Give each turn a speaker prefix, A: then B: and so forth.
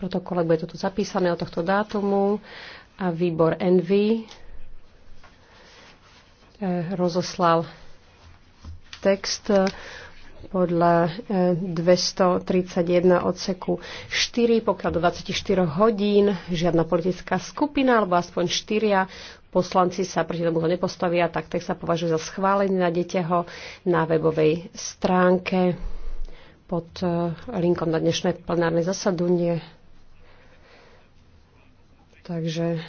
A: protokole, bude toto zapísané od tohto dátumu a výbor NV eh, rozoslal text eh, podľa 231 eh, odseku 4, pokiaľ do 24 hodín žiadna politická skupina alebo aspoň 4 poslanci sa proti tomu nepostavia, tak text sa považuje za schválený, nájdete ho na webovej stránke pod linkom na dnešné plenárne zasadunie. Takže